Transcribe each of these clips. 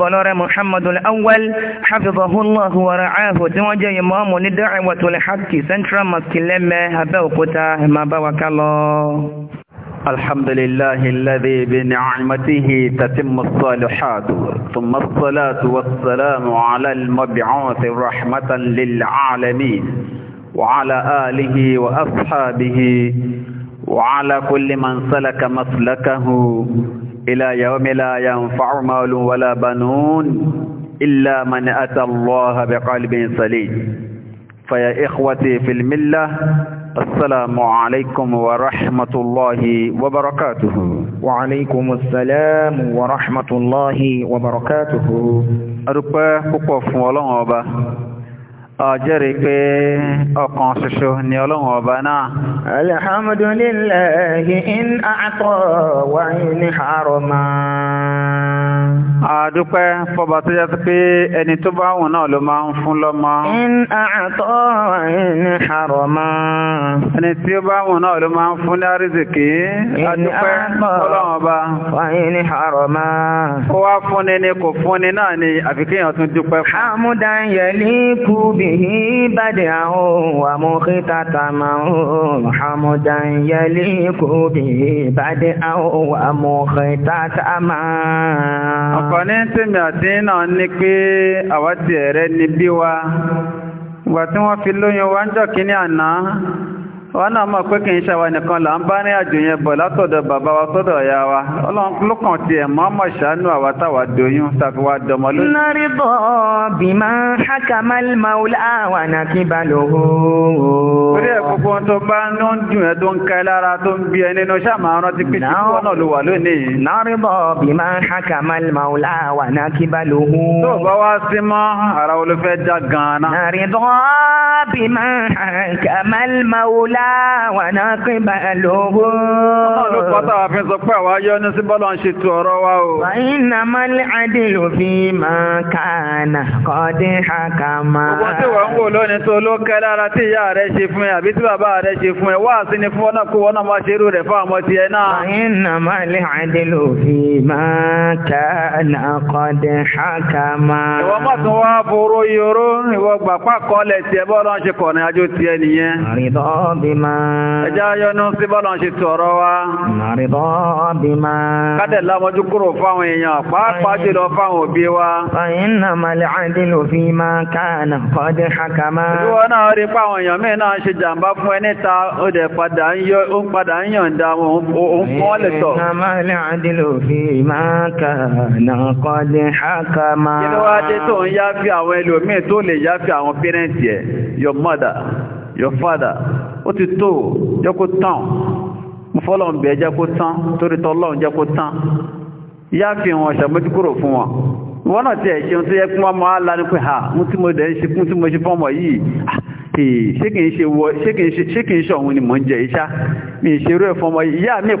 بلاره محمد الأول حفظه الله ورعاه توجه إمام الدعوة الحق سنترا مسكلمة هبوكتا ما بوك الله الحمد لله الذي بنعمته تتم الصالحات ثم الصلاة والسلام على المبعوث رحمة للعالمين وعلى آله وأصحابه وعلى كل من سلك مسلكه إلى يوم لا ينفع مال ولا بنون إلا من أتى الله بقلب سليم فيا إخوتي في الملة السلام عليكم ورحمة الله وبركاته وعليكم السلام ورحمة الله وبركاته أرقى قفوا لنوبة ọjẹ́rìí pé ọ̀kan ṣoṣo ni ọlọ́run ọba náà. alhamdulillahi in a'ta wa in harama. àdúpẹ́ fọba tó jẹ́ pé ẹni tó in a'ta wa in harama. ẹni tí ó bá wùn náà ló ní àrísìkí. àdúpẹ́ ọlọ́run ọba. wa in harama. kó wá fúnni ni kò fúnni náà ni àfikẹ́yàn tún dúpẹ́ fún. àmúdá yẹlí kú bí به بدعا ومختتما حمدا يليق به بدعا ومختتما ọ̀kọ̀ní tí mi àti náà ní pé àwádìí ẹ̀rẹ́ ni bí wa ìgbà tí wọ́n fi lóyún wá ń jọ kí ní àná wọ́n náà mọ̀ pé kí n ṣàwà nìkan là ń bá ní àjò yẹn bọ̀ látọ̀dọ̀ bàbá wa sọ́dọ̀ ọ̀yá wa ọlọ́nkàn ti ẹ̀ mọ́ mọ̀ ṣàánú àwa táwa doyún tàbí wa dọmọ lójú. nari bọ̀ bímọ hakama maula wa na kí ba lò ó. orí ẹ̀ gbogbo tó bá ń dùn ẹ́ tó ń ka ẹ́ lára tó ń bí ẹ nínú ṣáà máa rántí pé tí wọ́n ló wà lónìí. nari bọ̀ bímọ hakama maula wa na kí ba lò ó ńlá wà náà pín bá lówó. fi sọ pé àwa yọ ní sí bọ́lá ń ṣe tu ọ̀rọ̀ wa o. fàyínà mọ́lẹ́ àdìlù fi máa kàánà kọ́dé àkàmà. ọmọ tí wọ́n ń wò lónìí tó ló kẹ́ lára tí ìyá rẹ̀ ṣe fún ẹ àbí tí bàbá rẹ̀ ṣe fún ẹ wá sí ni fún ọ́nà kó wọ́n náà máa ṣe irú rẹ̀ fún àwọn ọmọ tiẹ̀ náà. fàyínà mọ́lẹ́ àdìlù fi máa kàánà kọ́dé àkàmà. ìwọ má tún wá foró yoró ìwọ gbàpá kọ́lẹ̀ tiẹ̀ bọ́ọ̀lọ́ ṣe kọ̀ọ̀nà bímá. ẹjẹ́ ayọ́nú sí bọ́lọ̀ ṣe sọ̀rọ̀ wa. nàrídọ́ bímá. kádẹ̀ lámọ́jú kúrò fáwọn èèyàn pàápàá jùlọ fáwọn òbí wa. ọ̀yìn náà malẹ̀ àdìlò fi máa káànà kọ́dé hakama. ìwọ náà rí fáwọn èèyàn mí náà ṣe jàǹbá fún ẹni ta ó dẹ̀ padà ń yọ ó ń padà ń yọ̀ǹda òun fún ọ́ lè tọ̀. ọ̀yìn náà malẹ̀ àdìlò fi máa káànà kọ́dé hakama. kí ló wá dé tó ń yáfi àwọn ẹlòmíì tó lè yáfi àwọn pẹ́rẹ́ǹtì ẹ̀ your mother. your father ó ti tó jẹ́ kó tán mo fọ́lọ́n bẹ̀ jẹ́ kó tán torí tọ́lọ́n jẹ́ kó tán yá fi wọn ṣàmójúkúrò fún wọn wọ́n náà ti ẹ̀ tó yẹ kí ha mú tí mo dẹ̀ ń ṣe kún tí mo ṣe yìí ah, ṣé í ṣe òun ni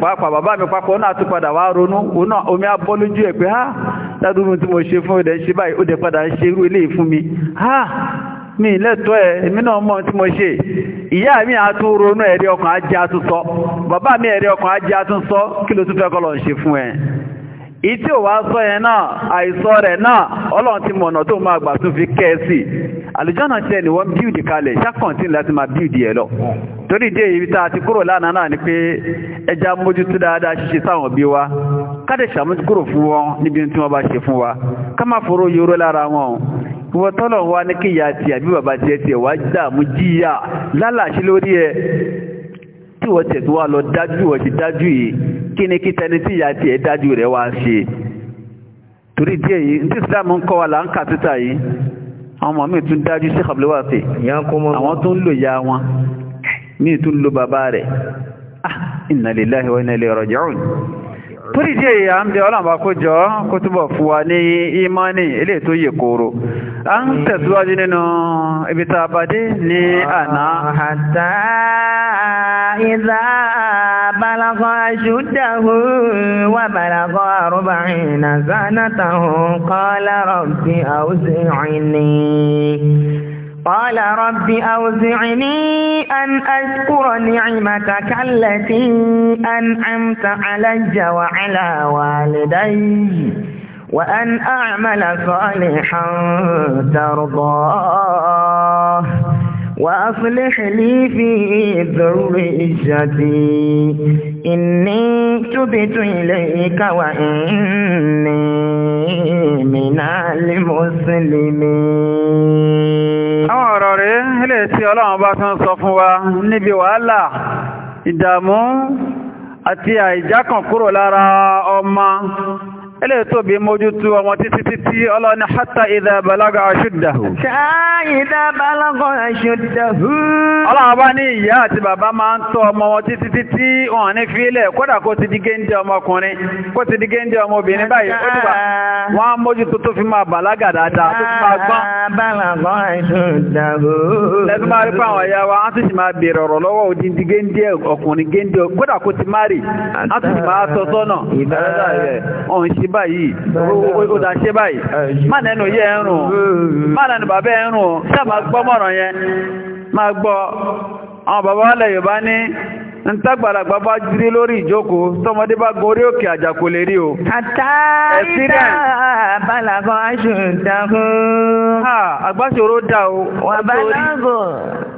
bàbá mi pàápàá náà tún padà wá ronú òun náà omi abọ́ lójú ha tí mo ṣe fún ṣe báyìí ó padà ń ha mi lẹ́tọ́ ẹ̀ èmi náà mọ̀ tí mo ṣe ìyá mi àtún ronú ẹ̀rí ọkàn ajé àtúnsọ bàbá mi ẹ̀rí ọkàn ajé àtúnsọ kí ló tún fẹ́ kọ́ lọ́n ṣe fún ẹ ìtí ò wá sọ yẹn náà àìsọ rẹ̀ náà ọlọ́run ti mọ̀nà tó máa gbà tún fi kẹ́ ẹ sí àlùjọ́nà tí ẹni wọ́n bíùdì kalẹ̀ ṣàkàntì láti máa bíùdì ẹ̀ lọ torí dé ibi tá a ti kúrò lánàá náà ni pé ẹja mójútó dáadáa ṣíṣe sáwọn òbí wa káde ṣàmójúkúrò fún wọn níbi tí wọ́n bá ṣe fún wa ká má foró yoró lára wọn ìwọ tọ́lọ̀ wa ní kíyà tiẹ̀ àbí bàbá tiẹ̀ tiẹ̀ wá dààmú jíyà lórí ẹ tí wọ́n lọ dájú wọ́n ti dájú yìí kí ni kí tẹni tí ìyá tiẹ̀ dájú rẹ̀ wá ṣe torí díẹ̀ yìí ní ìsìlámù ń kọ́ wa là ń kà títà yìí àwọn ọmọ mi tún dájú sí kàbílẹ́wàsì àwọn tó ń lò ya wọn mi tún lo bàbá rẹ̀ ah inna lillahi wa torí díẹ̀ yìí à ń bẹ ọlọ́mà kó jọ kó túbọ̀ fún wa ní ìmánì ilé tó yẹ kóró a ń tẹ̀síwájú nínú ibi tá a bá dé ní àná. àtà ìdá balakọ aṣùdáhù wà balakọ àrùbà ìnà sánátà hù قال رب أوزعني أن أشكر نعمتك التي أنعمت علي وعلى والدي وأن أعمل صالحا ترضاه وأصلح لي في ذريتي إني تبت إليك وإني من المسلمين àwọn ọ̀rọ̀ rẹ̀ ilé tí ọlọ́run bá tún sọ fún wa níbi wàhálà ìdààmú àti àìjákàn kúrò lára ọmọ ẹlẹ́ tó bí mójútó ọmọ títí títí ọlọ́ni hátà ìdá balaga aṣúdàhù. ṣáàìdá balaga aṣúdàhù. ọlọ́wọ́ bá ní ìyá àti bàbá máa ń tọ́ ọmọ wọn títí títí wọn ní fílẹ̀ kódà kó ti di géńdé ọmọkùnrin kó ti di géńdé ọmọbìnrin báyìí ó dìbà wọn á mójútó tó fi máa bàlágà dáadáa tó fi máa gbọ́n. balaga aṣúdàhù. lẹ́nu máa rí fáwọn wa wọ́n ti sì máa bèèrè ọ̀rọ̀ lọ́wọ́ òdìdí géńdé ọkùnrin géńdé kódà kó ti báyìí ó dá ṣe báyìí má nẹnu yẹ ẹrùn má nẹnu bàbá ẹrùn ṣe máa gbọ́ mọ̀ràn yẹn máa gbọ́ àwọn bàbá wálẹ̀ Yorùbá ní ń tágbàlagbà bá jírí lórí ìjókòó tọmọdé bá gorí òkè àjà lè rí o. àtàrídà balàgọ́ aṣòǹdàkùn. àgbàṣòro dà o. wà bá lágùn.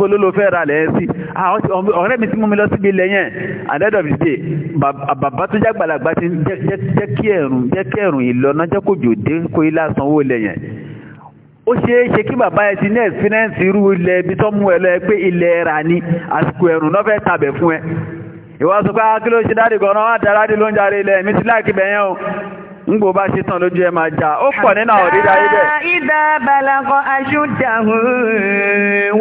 níbo ló lo fẹ́ ra lẹ̀ sí ah, ọ̀rẹ́ mi tí mú mi lọ síbi ilẹ̀ yẹn àdẹ́dọ̀ mi dé bàbá tó jẹ́ àgbàlagbà ti jẹ́ kí ẹ̀rùn jẹ́ kí ẹ̀rùn ìlọ́nà jẹ́ kó jò dé kó ilé àsanwó ilẹ̀ yẹn ó ṣeé ṣe kí bàbá ẹ ti ní ẹ̀sìnẹ́ǹsì irú ilẹ̀ ibi tó mú ẹ lọ ẹ pé ilẹ̀ ẹ̀rà ni àsìkò ẹ̀rùn náà fẹ́ tabẹ̀ fún ẹ ìwà sọ pé akílò ah, ṣe dáàdì gan-an wá ngbò bá ṣe tán lójú ẹ máa já ó pọ̀ nínú àwọn òdídá ibẹ̀. ìdá balakọ aṣúdàhù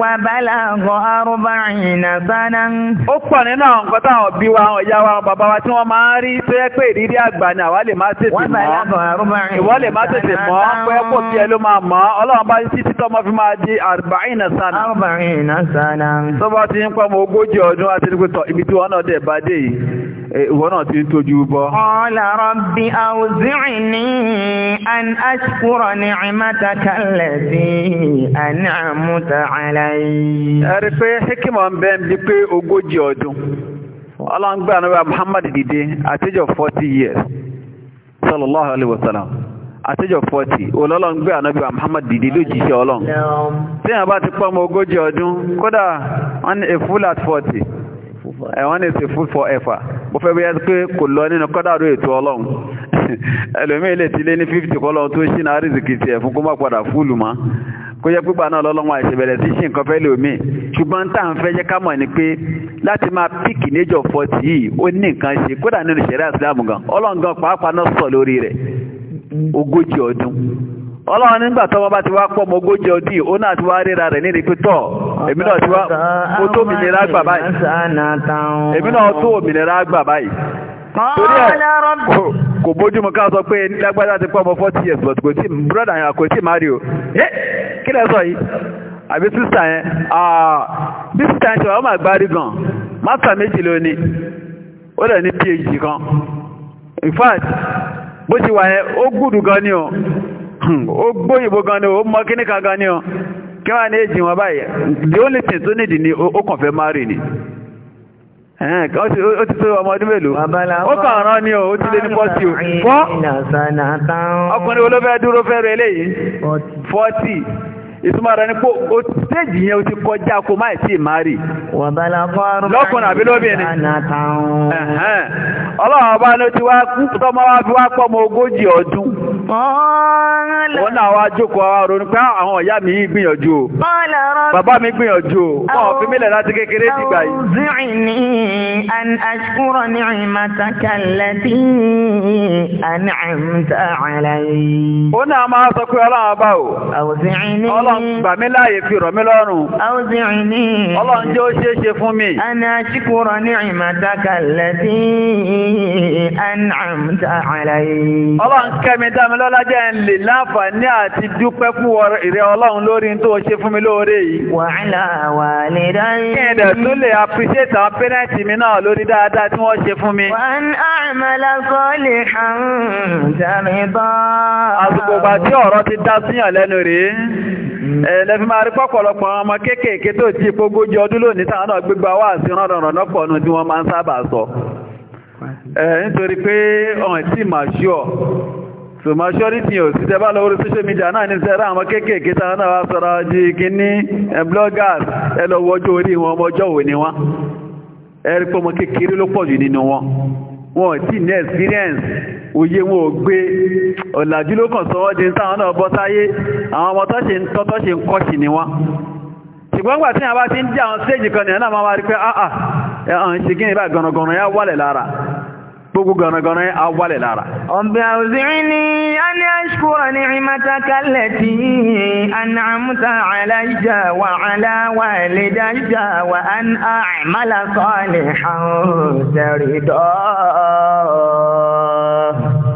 wà balakọ arúbáyìnà sáná. ó pọ̀ nínú àwọn nǹkan táwọn bí wa àwọn ìyá wa àwọn bàbá wa tí wọ́n máa ń rí tó yẹ pé ìrírí àgbà ni àwa lè má tètè mọ́. wà balakọ arúbáyìnà sáná. ìwọ lè má tètè mọ́ pé kò bí ẹ ló máa mọ́ ọlọ́run bá ti títọ́ mọ́ fi máa di arúbáyìnà sáná. arúbáyìnà sáná. tó bá تعني أن أشكر نعمتك التي أنعمت علي ẹ̀rí pé hikima ń bẹ́ẹ̀ bí pé ogójì ọdún ọlọ́ngbà níwá Muhammad dìde àtijọ́ 40 years sallallahu alaihi wasallam àtijọ́ 40 olọ́lọ́ngbà níwá Muhammad dìde lójíṣẹ́ ọlọ́n tí a bá ti pọ́ mọ́ ogójì ọdún kódà wọ́n ni a full at 40 ẹ̀wọ́n ní sí fún fọ ẹ̀fà bó fẹ́ bóyá pé kò lọ nínú kọ́dàrú ètò ọlọ́run ẹlòmíì lè ti lé ní 50 kọ́lọ́ tó ṣí na rìzìkì tiẹ̀ fún kó má padà fúlù mọ́ kó jẹ́ pípa náà lọ́lọ́wọ́ àìṣẹ̀bẹ̀rẹ̀ sí ṣì nǹkan fẹ́ lòmíì ṣùgbọ́n tá à ń fẹ́ jẹ́ ká mọ̀ ni pé láti máa píkì níjọ fọtì yìí ó ní nǹkan ọlọ́run nígbà tọ́wọ́ bá ti wá pọ̀ mọ́ ogójì ọdí ó náà ti wá ríra rẹ̀ ní ìrìpé tọ̀ èmi náà ti wá mo tó òmìnira gbà báyìí èmi náà tó òmìnira gbà báyìí torí ẹ kò bójú mu ká sọ pé lágbájá ti pọ̀ mọ́ forty years but kò tí brọ́dà yẹn kò tí mario ẹ kí lẹ sọ yìí àbí sísà yẹn bí sísà yẹn ti wà ó mà gbárí gan máta méjì lónìí ó lẹ̀ ní phd kan in fact bó ti wà yẹn ó gùdù gan ni o. o gbóyìnbó gan ni ó mọ gan ni ọ kí wọ́n ní èjì wọn báyìí the only thing tó nídìí ni ó kàn fẹ́ máa ni ó ti tó ọmọ ọdún mélòó ó kàn rán ni o ó ti lé o fọ́ ọkùnrin olófẹ́ dúró fẹ́ rẹ eléyìí 40 ìtumọ̀ rẹ̀ ni pé o stéèjì yẹn o ti kọjá kó má ti máa rì. lọ́kùnrin àbí lóbìnrin. ọlọ́run ọba ni ó ti wá tọ́mọ wá fi wá pọ́ ọmọ ogójì ọdún. òun náà wá jókòó ah, àwọn ronú pé àwọn ọ̀yá mi yìí gbìyànjú o. bàbá mi gbìyànjú o. wọn ò fi mílẹ̀ láti kékeré dìgbà yìí. awùzìnì an ashkura ní ìmọ̀tàkà lẹ́tí àní àmì Ọlọ́run gbà mí láàyè fi rọ̀ mí lọ́rùn. Awzi'ni. Ọlọ́run jẹ́ Ana ashkura ni'mataka allati an'amta alayya. Ọlọ́run kẹ́mi dámi lọ́lá jẹ́ ń lè láǹfààní àti dúpẹ́ fún ìrẹ Ọlọ́run lórí Wa ala walidayya. Kí appreciate àwọn pẹ́rẹ́ǹtì mi náà lórí dáadáa tí an a'mala salihan tarida. Àsìkò ìgbà tí ọ̀rọ̀ ti dá síyàn lẹ́nu rèé ẹ̀lẹ́fí mm. eh, máa rí pọ́pọ̀lọpọ̀ ọmọ kéékèèké tó ti pógójì ọdún lónìí táwọn náà gbégbá wà sí ránranrànà pọ̀ nù tí wọ́n máa ń sábà sọ eh, nítorí pé ọ̀n tí màṣúọ̀ so majority ò sí tẹ́bá lọ orí social media náà ní sẹ́rá àwọn kéékèèké táwọn náà wá sọ́rọ̀ jí kíní eh, bloggers ẹlọ́wọ́jọ́ orí wọn ọmọ ọjọ́ òní wọn ẹ̀rí pọ́mọ kékeré ló pọ̀jù nínú wọn wọn ò tí ní experience òye wọn ò gbé ọ̀làjú ló kàn sọ́wọ́ di náà bọ́ sáyé àwọn ọmọ tọ́ṣe ń tọ́ tọ́ṣe ń kọ́ṣì ni wọ́n ṣùgbọ́n gbà tí àwọn bá ti ń dí àwọn stage kan nìyẹn náà máa rí pé ah, ah, ẹ̀hàn ṣe kí ni أشكر نعمتك التي أنعمت علي وعلى والدي وأن أعمل صالحا ترضاه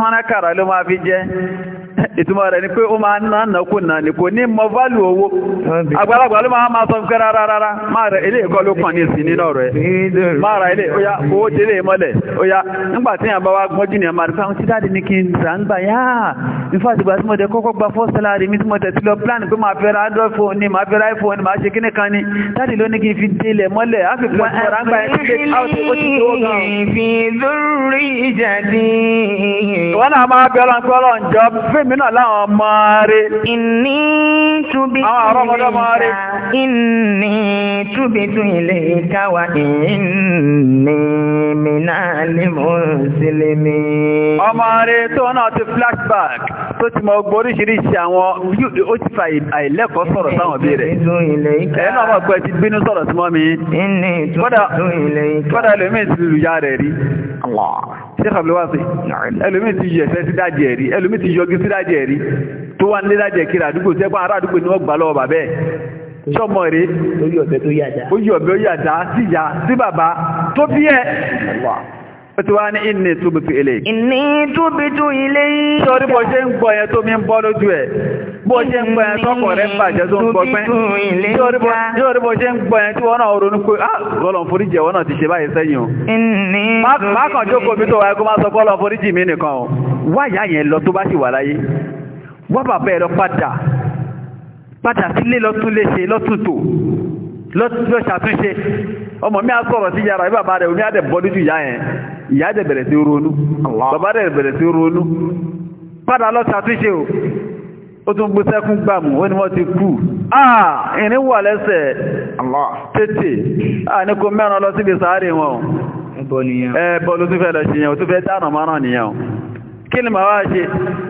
wọ́n rákàrà ló máa fi jẹ́ ìtumọ̀ rẹ̀ ni pé ó máa ń nàkú náà ní ní mọ válù owó àgbàlagbà ló máa máa sọ fún kẹ́rà rárá máa rẹ̀ ilé ìkọ́ ló kàn ní ìsìn nínú ọ̀rọ̀ ẹ̀ máa ra ilé óyá owó ti ilé e mọ́lẹ̀ óyá nígbà tí yàn bá wá gbọ́n jìnnà máa fáwọn tí dáàdì ní kí n rà ń gbà yá nífà tí mo tẹ kọ́kọ́ gba fọ́ sálárì mi tí mo tẹ̀ ti lọ plan pé máa fẹ́ android phone ni máa fẹ́ iphone ni máa ṣe kíní kan ni dáàdì ló ní kí n fi délẹ̀ mọ́lẹ̀ á fi pọ̀ ní ọ̀rá ń tí ó ti tó gan. ìfìdúrí ìjàdí. wọn náà máa bẹ ọlọ́run pé ọlọ́run èmi náà láwọn ọmọ rẹ̀. Ìní túbí tún ilé ìka wà ìní mìíràn ní mùsùlùmí. Ọmọ rẹ̀ tó náà ti flashback tó ti mọ gbọ́ oríṣiríṣi àwọn ó ti fa àìlẹ́kọ̀ọ́ sọ̀rọ̀ sáwọn bí rẹ̀. Ẹ̀yẹ́ túbí tún ilé ìka. Kọ́dà ṣíkà ló wá sí ẹlòmí ti yẹ ẹsẹ sí dájẹ rí ẹlòmí ti yọgí sí dájẹ rí tó wà ní dájẹ kiri àdúgbò tẹ́gbọ́n ará àdúgbò ni wọ́n gbà lọ́wọ́ bàbẹ́ sọmọ rẹ ó yí ọ̀bẹ ó yàdá sí ìyá sí bàbá tó bí ẹ ó ti wá ní inni túbùtù ilayk. inni túbùtù ilayk. sọ́rí bó ṣe ń gbọ́ yẹn tó mi ń bọ́ lójú ẹ̀ bó ṣe ń gbọ́ yẹn tọkọ̀ rẹ̀ ń bàjẹ́ tó ń gbọ́ pẹ́ sọ́rí bó ṣe ń gbọ́ yẹn tí wọ́n náà ronú pé ah lọ́lọ́ foríjì ẹ̀wọ́n náà ti ṣe báyìí sẹ́yìn o. inni túbùtù ilayk. má kàn jókòó mi tó wáyé kó má sọ pé ọlọ́ foríjì mi nìkan o wáyà yẹn lọ tó bá sì wà láyé wọ́n bàbá ẹ̀rọ padà padà sílé lọ́tún léṣe ọmọ mi á sọ̀rọ̀ sí yàrá bí bàbá rẹ̀ omi á dẹ̀ bọ́dú jù yá yẹn ìyá dẹ̀ bẹ̀rẹ̀ sí ronú bàbá dẹ̀ bẹ̀rẹ̀ sí ronú padà lọ ṣàtúnṣe o ó tún gbé sẹ́kún gbàmù ó ní wọ́n ti kú àà ìrìn wà lẹ́sẹ̀ tètè àà ní kò mẹ́ràn lọ síbi sàárè wọn ẹbọ ló tún fẹ́ lọ ṣe yẹn ó tún fẹ́ dáná mọ́ràn nìyẹn o kí ni màá wá ṣe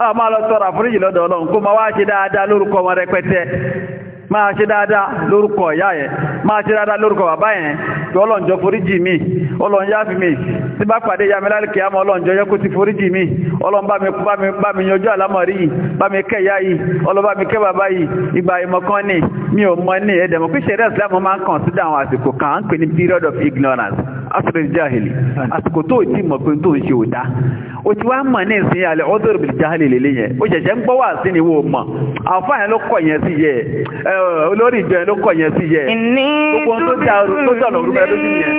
àà máa lọ tọrọ àforíjì lọ́dọ̀ ọlọ́run kó máa wá ṣe dáadáa lórúkọ wọn rẹpẹtẹ máa ṣe dáadáa lórúkọ ìyá yẹn máa ṣe dáadáa lórúkọ bàbá yẹn tí ọlọ́njọ́ foríjì mi ọlọ́njá fi mi tí bá pàdé ya mẹ́lá kìí àmọ́ ọlọ́njọ́ yẹ kó ti foríjì mi ọlọ́nbá mi yanjú àlámọ̀rí yìí bá mi kẹ́ ìyá yìí ọlọ́bá mi kẹ́ bàbá yìí ìgbà ìmọ̀kan ni mi ò mọ̀ ní ẹ̀dẹ̀mọ̀ píṣẹ́rẹ́ ìsìlámù period of ignorance asùrù jáhìlì àsìkò tó ti mọ̀ pé tó ń ṣe òdá o ti wá mọ̀ ní ìsìn alẹ́ ọdún ìbìlì jáhìlì lélẹ́ yẹn o ṣẹ̀ṣẹ̀ ń gbọ́ wà sí ni wo mọ̀ àfáà yẹn ló kọ̀ yẹn sí yẹ olórí ìjọ yẹn ló kọ̀ yẹn sí yẹ gbogbo tó dàrú tó dàrú rúbẹ́ lójú yẹn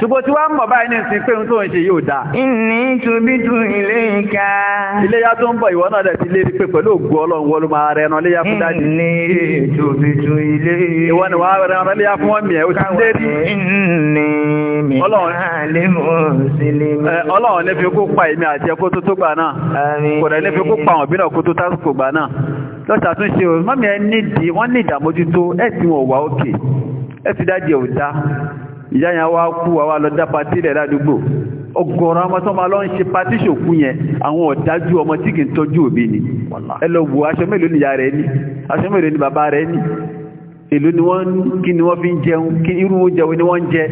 ṣùgbọ́n tí wá mọ̀ báyìí ní ìsìn pé tó ń ṣe yóò dáa. ìní tubitu ilé ìka. iléyà tó ń bọ̀ ìwọ náà dẹ̀ ti lérí pé pẹ̀lú ògùn ọlọ́run wọlé máa rẹ ẹran léyà fún dájú. ìní tubitu ilé. ìwọ ni wàá rẹ ẹran léyà fún ọmọ ẹ̀ o ti lérí. ìní mi. Ọlọ́run ní fi kó pa èmi àti ẹkó tó tó gbà náà. Kò rẹ̀ ní fi kó pa àwọn òbí náà kó tó tásìkò gbà náà. Lọ́sà tún ṣe o, mọ́mí ẹ nídìí, wọ́n ní ìdàmójútó, ẹ ti wọ̀n wá òkè, ẹ ti dájẹ̀ ò dá. Ìyá yẹn wá kú wa wá lọ dá patí rẹ̀ ládùúgbò. Ọ̀gọ̀rọ̀ ọmọ tó máa lọ ń ṣe patí ṣòkú yẹn, àwọn ọ̀dájú ọmọ tí kì í tọ́jú òbí ni. Ẹ lọ wo aṣọ mélòó ni ìyá rẹ̀ ní, aṣọ mélòó ni bàbá rẹ̀ ní ìlú ni wọ́n kí ni wọ́n fi ń jẹun kí irú oúnjẹ ni wọ́n ń jẹ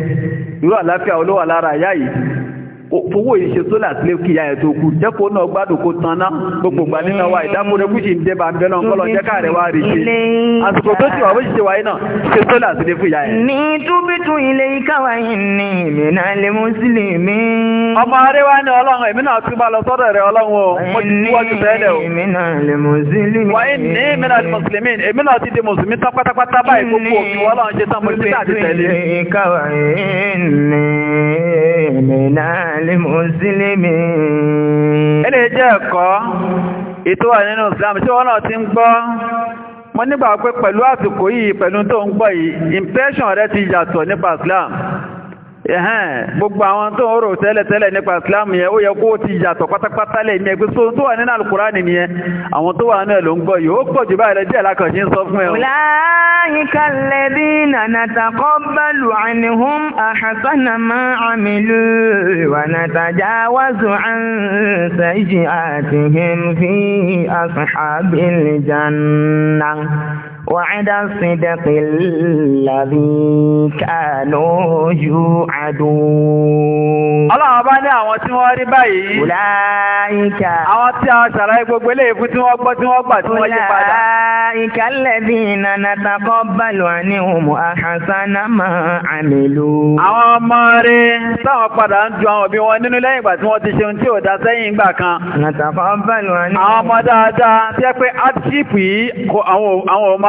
irú àlàáfíà olówà lára àyá fowó ìṣe sólà sílé kí ìyá ẹ̀ tó kú jẹ́kọ́ náà gbádùn kó tanná gbogbo gbà nínú wa ìdámúrẹ́ kú sì ń dé bẹ́ náà kọ́lọ̀ jẹ́ káàrẹ̀ wá rí ṣe àsìkò tó ti wà bó ṣiṣẹ́ wáyé náà ṣe sólà sílé fún ẹ̀. ní túbítù ilé ikáwa yìí ni ìmìnà ilé mùsùlùmí. ọmọ arẹwà ni ọlọ́run èmi náà tún bá lọ sọ́dọ̀ rẹ ọlọ́run o mo ti wọ́n lèmùsílèmì. Ilé jẹ́ ẹ̀kọ́, ètò wà nínú ìsìlámù tí wọ́n náà ti ń gbọ́. Mo nígbà pé pẹ̀lú àsìkò yìí pẹ̀lú tó ń gbọ́ yìí, impression rẹ ti yàtọ̀ nípa ìsìlámù ẹ̀hẹ́n gbogbo àwọn tó ń rò tẹ́lẹ̀tẹ́lẹ̀ nípa islam yẹn ó yẹ kó ti yàtọ̀ pátápátá lẹ̀ ẹgbẹ́ sóhun tó wà nínú alukurani nìyẹn àwọn tó wà nínú ẹ̀ ló ń gbọ́ yìí ó pọ̀ jù báyìí lọ díẹ̀ ń sọ fún ẹ. ọ̀làyíká lẹ́bí nànàtàkọ́ bẹ́lù ànihùn àhàsánà máa àmìlú wànàtàjà wàzù àǹsẹ̀jì àtìhìn fi àṣàbìlì jàǹnà. وعد الصدق الذي كانوا يوعدون ọlọ́run bá ní àwọn tí wọ́n rí báyìí ọláìkà àwọn tí a ṣàlàyé gbogbo ilé ìfún tí wọ́n gbọ́ tí wọ́n gbà tí wọ́n yí padà ọláìkà lẹ́bí ìnana takọ́ bàlùwà ní òmù àhàsánà máa àmìlú àwọn ọmọ rẹ̀ táwọn padà ń ju àwọn òbí wọn nínú lẹ́yìn ìgbà tí wọ́n ti ṣeun tí ò dá sẹ́yìn ìgbà kan àwọn ọmọ dáadáa tí ẹ pé hardship yìí àwọn ọmọ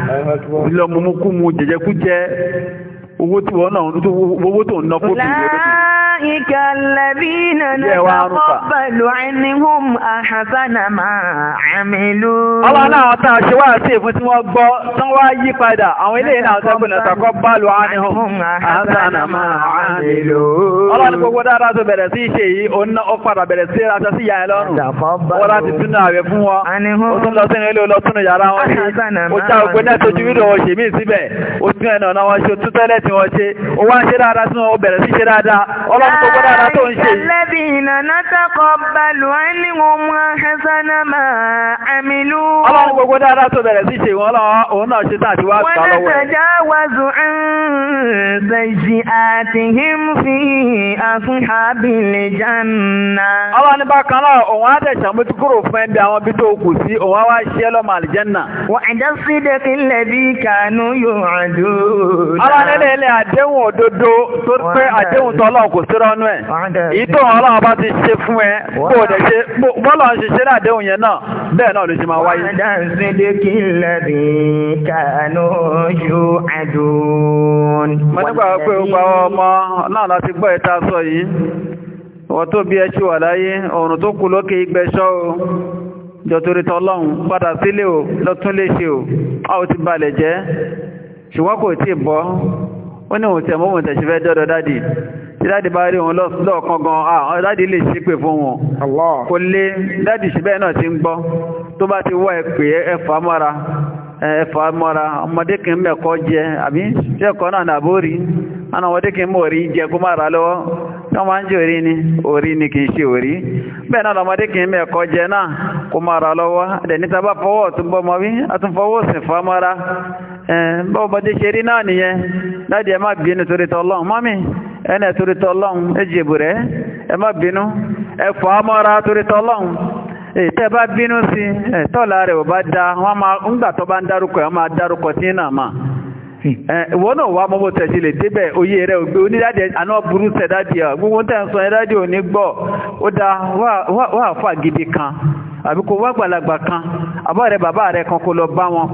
ilé ọmọ mú kú mu jẹjẹkújẹ owó tí wọ́n náà owó tó ń náà lọ́kọ̀ pẹ̀lú ẹni hó hum ahasana ma amilu. ọba náà wa ṣe wá sí ìfún tí wọ́n gbọ́ tán wá yí padà àwọn ilé náà tẹ́gbọ̀nà tàkọ́ bá lọ á ní hum ahasana ma amilu. ọba ní gbogbo dára tó bẹ̀rẹ̀ sí ṣe yìí òun náà ó padà bẹ̀rẹ̀ sí aṣọ sí ìyá ẹ lọ́rùn. wọ́n láti túnú àwẹ̀ fún wọn. ó tún lọ sínú ilé olótúnú yàrá wọn ṣe. ó já ogun náà tójú wíìdò wọn ṣèmí síbẹ̀. ó tún ẹ̀ náà wọn ṣe ó tún tẹ́lẹ̀ tí wọ́n ṣe. ó wá ń ṣe dáadáa sí wọn ó bẹ̀rẹ̀ sí ṣe dáadáa. ọlọ́run gbogbo dáadáa tó ń ṣe yìí minhum hasana ma amilu. ọlọ́run gbogbo dáadáa tó bẹ̀rẹ̀ sí ṣe wọn ọlọ́run òun náà ṣe tàbí wá gbà lọ́wọ́ ẹ̀. wọ́n سيئاتهم في أصحاب الجنة ọlọ́run ní bákan náà òun á tẹ̀ ṣàmójú kúrò fún ẹbí àwọn bí tó kù sí òun á wá ṣe lọ́mọ àlìjẹ́nà. وعد الصدق الذي كانوا يوعدون. ọlọ́run nílé ilé àdéhùn òdodo tó pé àdéhùn tó kò sí ẹ̀. ìtò ọlọ́run ni. mo nígbà pé ó gba ọmọ náà láti gbọ́ ìta sọ yìí wọ́n tó bí ẹṣù wà láyé ọ̀run tó kù lókè igbẹ́ṣọ́ o jọtorítọ́ ọlọ́run padà sílé o lọ́tún léṣe o a ò ti balẹ̀ jẹ́ ṣùgbọ́n kò tí bọ́ ó ní òun tẹ̀mọ́ òun tẹ̀ṣẹ́fẹ́ dọ́dọ̀ dáàdì tí dáàdì bá rí òun lọ́ọ̀kan gan àwọn dáàdì lè ṣe pè fún wọn kò lè dáàdì ṣe bẹ́ẹ̀ náà ti ń é ẹ̀fà ẹ̀fà mọ́ra ọmọdé kí n mẹ́kọ́ jẹ àbí tí ẹ̀kọ́ náà nàbórí ọ̀nà ọmọdé kí n mọ̀ orí jẹ kó máa rà lọ́wọ́ tí wọ́n máa ń jẹ orí ni orí ni kì í ṣe orí bẹ́ẹ̀ náà ọmọdé n mẹ́kọ́ jẹ náà kó máa rà lọ́wọ́ ẹ̀dẹ̀ni bá fọwọ́ tún bọ́ mọ́ wí àtúnfọwọ́ sì fà mọ́ra bọ́ ọmọdé ṣe rí náà nìyẹn láti ẹ ètẹ́ bínú sí tọ́lá rẹ̀ ò bá dá wọ́n máa ń gbà tó bá ń dárúkọ ẹ̀ ma dárúkọ tí náà máa hmm. ìwọ́n náà wá mọ́bọ̀ tẹ̀sí lè débẹ̀ oyé rẹ̀ ògbé burú gbogbo tẹ̀ ń sọ gbọ́ ó da wà fà gidi kan àbí kò wá kan àbọ̀ rẹ̀ bàbá rẹ̀ kan lọ bá wọn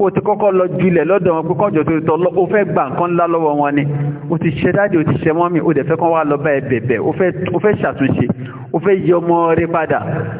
ó ti kọ́kọ́ lọ julẹ̀ lọ́dọ̀ wọn pé tó tọ́ ó fẹ́ gbà nǹkan ńlá lọ́wọ́ wọn ni ó ti ṣe ti ṣe ó dẹ̀ fẹ́ wá lọ bá ẹ bẹ̀bẹ̀ ó fẹ́ ṣàtúnṣe ó fẹ́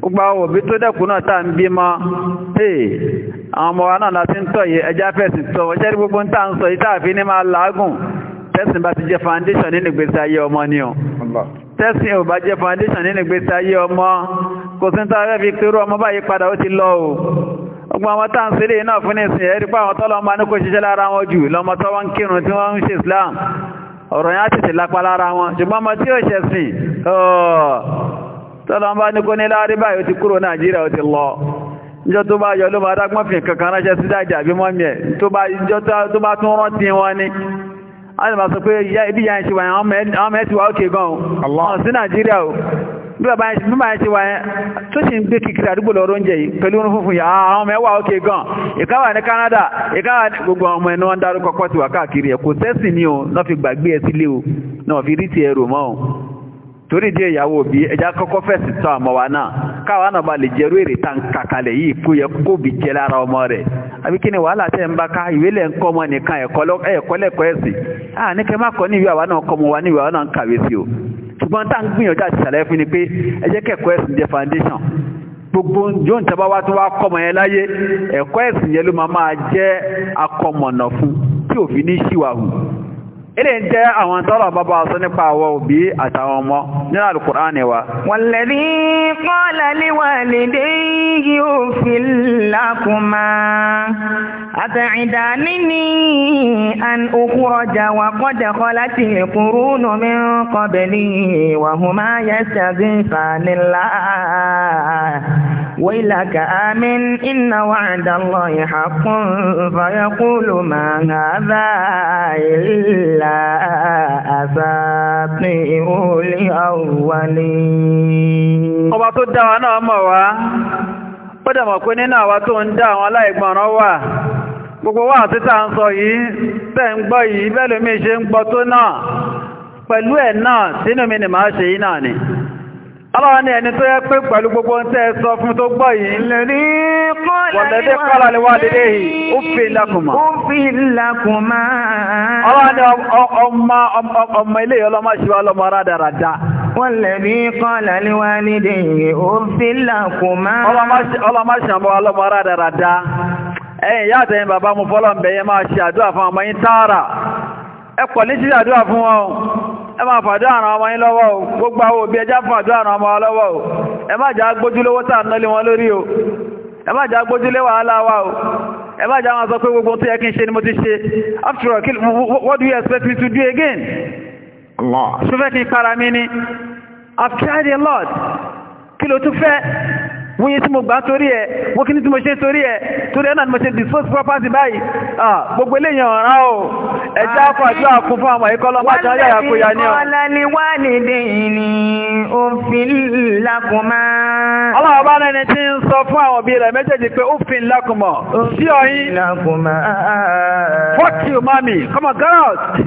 gbogbo àwọn òbí tó dẹ̀kù náà tàà ń bí mọ́ hey àwọn ọmọ wa náà láti ń tọ́ yìí ẹjá fẹ̀sìn tọ́ ọjẹ́ rí gbogbo ń tà ń sọ yìí tààfin ní máa làágùn tẹ́sìn bá ti jẹ́ foundation nínú ìgbésí ayé ọmọ ni o tẹ́sìn ò bá jẹ́ foundation nínú ìgbésí ayé ọmọ kò sí ń tààrẹ́ fi kérú ọmọ báyìí padà ó ti lọ o ọgbọ́n àwọn tàà ń sílé náà fún ìsìn ẹ̀rí pé àwọn tọ́lọ́ máa ní tọ́lọ bá ní kó ní láàrí báyìí ó ti kúrò Nàìjíríà ó ti lọ ìjọ tó bá yọ ló máa dágbọ́nfin kankan ránṣẹ́ sí dájì àbí mọ́mí ẹ̀ tó bá tún rántí wọn ní a lè máa sọ pé ibi yà ń ṣe wáyé àwọn mẹ́ẹ̀tì wà ókè gan-an ọ̀n sí Nàìjíríà o bí bàbá yẹn ṣe wáyé tó sì ń gbé kìkìrì àdúgbò lọ oúnjẹ yìí pẹ̀lú orun funfun yà ah, àwọn mẹ́wàá ókè gan-an ìkáwà ní Canada ìkáwà ní gbogbo ọmọ ẹni wọ́n dárúkọ pọ̀ ti wà káàkiri ẹ̀ kò sẹ́sìn ni o náà fi gbàgbé ẹ sílé o náà fi rí ti ẹrù mọ́ o torí di ìyàwó bí ẹja kọ́kọ́ fẹ̀sì tán àmọ́ wa náà káwa náà bá lè jẹ́rú èrè tá n kàkàlẹ̀ yìí kó yẹ kó bí jẹ́ lára ọmọ rẹ̀ àbí kí ni wàhálà tẹ̀ ń bá ká ìwé lẹ̀ ń kọ́ ọmọ nìkan ẹ̀kọ́ lẹ́kọ́ ẹ̀sìn à ní kẹ́ má kọ́ ní ìwé àwa náà kọ́ ọmọ wa ní ìwé àwa náà ń kàwé sí o ṣùgbọ́n tá ń gbìyànjú àti ṣàlàyé fún ni pé ẹ jẹ́ kẹ́kọ́ ẹ̀sìn jẹ́ foundation gbogbo yóò tẹ́ bá wá tó wá kọ́mọ yẹn láyé ẹ̀kọ́ ẹ̀sìn yẹn ló máa máa jẹ́ akọmọ̀nà fún tí òfin ní ṣìwà hù ilé ń jẹ́ àwọn tọ́rọ̀ bàbá sọ nípa àwọn òbí àtàwọn ọmọ nínú Al-Qur'ani wa. Walladhi qala liwalidayhi uffil lakuma ata'idani an ukhraja wa qad khalatil qurunu min qabli wa huma yastaghfirani lillah. وَإِلَكَ آمن إِنَّ وَعْدَ اللَّهِ حَقٌّ فَيَقُولُ مَا هذا إلا أساطير الأولين ọba tó dá wa náà mọ̀ wá ó dẹ̀ mọ̀ pé nínú àwa tó ń dá àwọn aláìgbọ̀nràn wà gbogbo wa títà ń sọ yìí tẹ́ ń gbọ́ yìí bẹ́ẹ̀ lómi ṣe ń gbọ́ tó náà pẹ̀lú ẹ̀ náà sínú mi ni màá ṣe yìí náà ni Ọlọ́run ni ẹni tó yẹ pé pẹ̀lú gbogbo ń tẹ́ sọ fún tó gbọ́ yìí. Lẹ́ni wọ̀lẹ́dẹ́ kọ́lá ni wà lédè yìí, ó fi lakùnmá. Ó fi lakùnmá. Ọlọ́run ni ọmọ ilé ọlọ́mọ ṣe wá lọ́mọ rádaràda. Wọ̀lẹ́dẹ́ kọ́lá ni wà lédè yìí, ó fi lakùnmá. Ọlọ́mọ ṣe àmọ́ ọlọ́mọ rádaràda. Ẹ̀yìn yá ẹ máa àrùn ọmọ yín lọ́wọ́ o gbogbo àwọn òbí ẹjá fún àrùn ọmọ lọ́wọ́ o ẹ má jà gbójúlówó tà wọn lórí o ẹ má jà after what do you expect me to do again? ṣúfẹ́ I've tried a lot kí ló tún fẹ́ wọ́n yẹ tí mo gbà torí ẹ̀ wọ́n kí ní tí mo ṣe torí ẹ̀ torí ẹ̀ mo ṣe dispose property báyìí gbogbo eléyàn ọ̀rá o ẹjá kọ àjọ àkún fún àwọn ìkọlọ májọ yàrá kó yá ní ọ. ọlọ́wọ́ bá lẹ́ni tí ń sọ fún àwọn òbí rẹ̀ méjèèjì pé ó lákùmọ̀ sí ọyìn fọ́tí mami come on get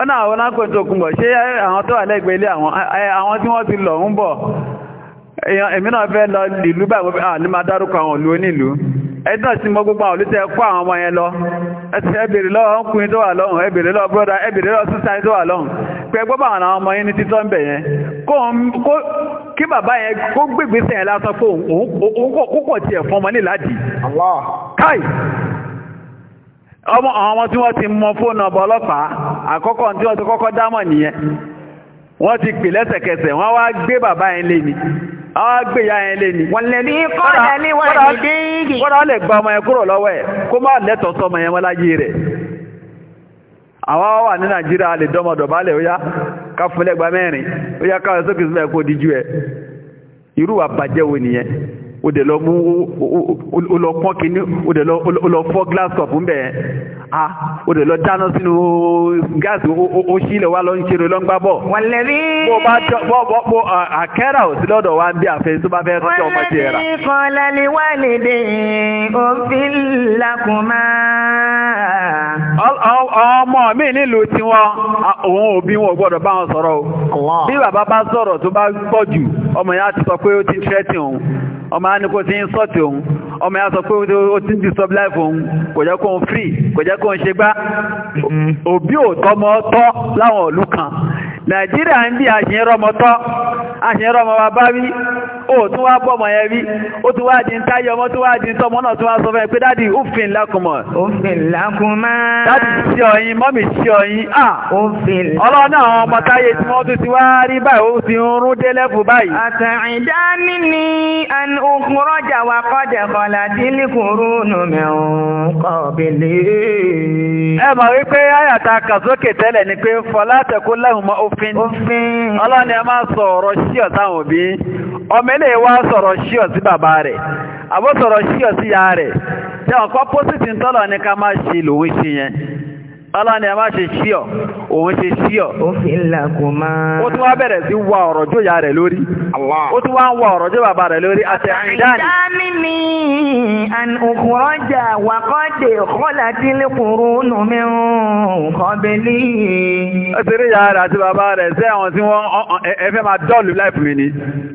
ọ̀nà àwọn alákòóntò kúnbọ̀ ṣe àwọn tó wà lẹ́gbẹ̀ẹ́ ilé àwọn tí wọ́n ti lọ ń bọ̀ èmi náà fẹ́ lọ ìlú báyìí ní máa dárúkọ àwọn òlú onílú ẹ̀dùn sí mọ́ gbogbo àwọn olùtẹ́ kó àwọn ọmọ yẹn lọ ẹ̀sẹ̀ ẹ̀bèrè lọ́wọ́ ọkùnrin tó wà lọ́hùn ẹ̀bèrè lọ́wọ́ bọ́dà ẹ̀bèrè lọ́wọ́ sísáyé tó wà lọ́hùn pé gbọ́bà àwọn ọmọ yẹn ní títọ́ ń bẹ̀ yẹn kí bàbá yẹn kó gbégbèsè yẹn lásán pé òun kò tiẹ̀ fọmọ nílàdì káì ọmọ àwọn ọmọ tí wọ́n ti mọ fóònù ọba ọlọ́pàá àkọ́kọ́ tí wọ́n ti kọ́kọ́ dámọ̀ nìyẹn wọ́n ti pè lẹ́sẹ̀kẹsẹ̀ wọ́n wá gbé bàbá yẹn wọ́n ya yẹn lé ni. ní lè gba ọmọ yẹn kúrò lọ́wọ́ ẹ̀ kó má lẹ́tọ̀ọ́ sọmọ yẹn rẹ̀. ó dẹ̀ lọ mú ó lọ pọ́n kínní ó dẹ̀ lọ fọ́ glass cup ń bẹ̀ ah ó lọ dáná sínú gáàsì ó sílẹ̀ wá lọ ń ṣeré lọ ń gbá bọ̀. wàlẹ́rí. bó bá jọ bó bó bó àkẹ́rà ò sí lọ́dọ̀ wa ń bí àfẹ́ tó bá fẹ́ tọ́ ọmọ tiẹ̀ rà. wàlẹ́rí kan lálẹ́ wà lédè òfin làkùnmá. ọmọ mi nílùú tiwọn òun òbí wọn gbọ́dọ̀ bá wọn sọ̀rọ̀ o. bí bàbá bá sọ̀rọ̀ tó bá pọ̀ jù ọmọ yẹn á ti sọ pé ó ti ọmọ á ní kó ti ń sọ́ọ̀tì òun ọmọ ya sọ pé ó ti ń di sọ́bláìfù òun kò jẹ́ kó ń free kò jẹ́ kó ń ṣe gbá mm-hmm. òbí ò tọ́mọ tọ́ láwọn òlú kan nàìjíríà ń bí àṣírọ́mọ tọ́ àṣírọ́mọ wa bá wí ó tún wá bọ́mọ yẹn wí ó tún wá di ń táyé ọmọ tún wá di ń tọ́mọ náà tún wá sọ fún pé dáàdì òfin lákùmọ̀. òfin lákùmọ̀. dáàdì sí ọyìn mọ́mì sí ọyìn à. Ah! òfin ọlọ́run náà àwọn ọmọ táyé tí wọ́n tún ti wá rí báyìí ó ti ń rún délẹ́fù báyìí. àtàrídá mi ni àná. أخرج وقد خلت القرون من قبله ẹ mọ̀ wípé àyàtà kàsókè tẹ́lẹ̀ ni pé fọlá tẹ̀kú lẹ́hùnmọ́ òfin ọlọ́ni ẹ máa sọ ọ̀rọ̀ sí ọ̀táwọn òbí ọmọ ilé wa sọ̀rọ̀ sí ọ̀sí bàbá rẹ̀ àbó sọ̀rọ̀ sí ọ̀sí ya rẹ̀ tẹ́wọ̀n kọ́ pósìtì ń tọ́lọ̀ ní ká máa ṣe lòwe ṣe aláni ẹmá ṣe sí ọ̀ òun ṣe sí ọ̀ ó fi lákùn máa ó tún wá bẹ̀rẹ̀ sí wa ọ̀rọ̀ jóyà rẹ̀ lórí ó tún wá ń wa ọ̀rọ̀ jó bàbá rẹ̀ lórí àti àìdáni mi an òkúrọ́jà wàkọ́dé kọ́lá tí lẹ́kùnrú nù mí nǹkan bẹ́lí. ó ti rí yàrá àti bàbá rẹ̀ sí àwọn tí wọ́n ẹ fẹ́ máa dọ́ọ̀lù láìpù mi ni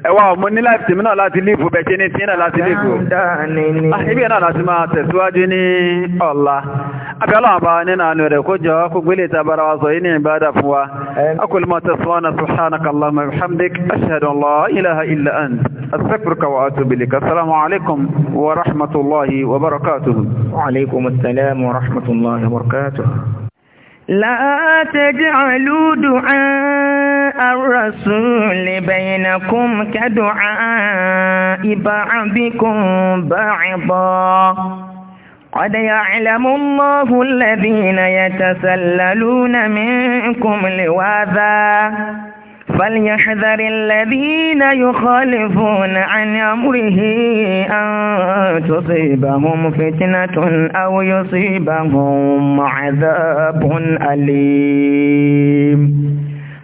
ẹ wá ọmọ ní láìpù tèmi náà láti léèfù bẹ́ẹ̀ ṣe ní tí náà láti léèfù. ibi ah, náà láti máa tẹ̀síwájú kuja wako ilé ìtabara wa sọ yìí ní ìbádà fún wa akọlù subhanaka allahumma bihamdik ashhadu an la ilaha illa ant astaghfiruka wa atubu ilayk assalamu alaikum wa rahmatullahi wa barakatuh wa alaikum assalam wa rahmatullahi wa barakatuh لا تجعلوا دعاء الرسول بينكم كدعاء بعضكم بعضا قد يعلم الله الذين يتسللون منكم لواذا فليحذر الذين يخالفون عن أمره أن تصيبهم فتنة أو يصيبهم عذاب أليم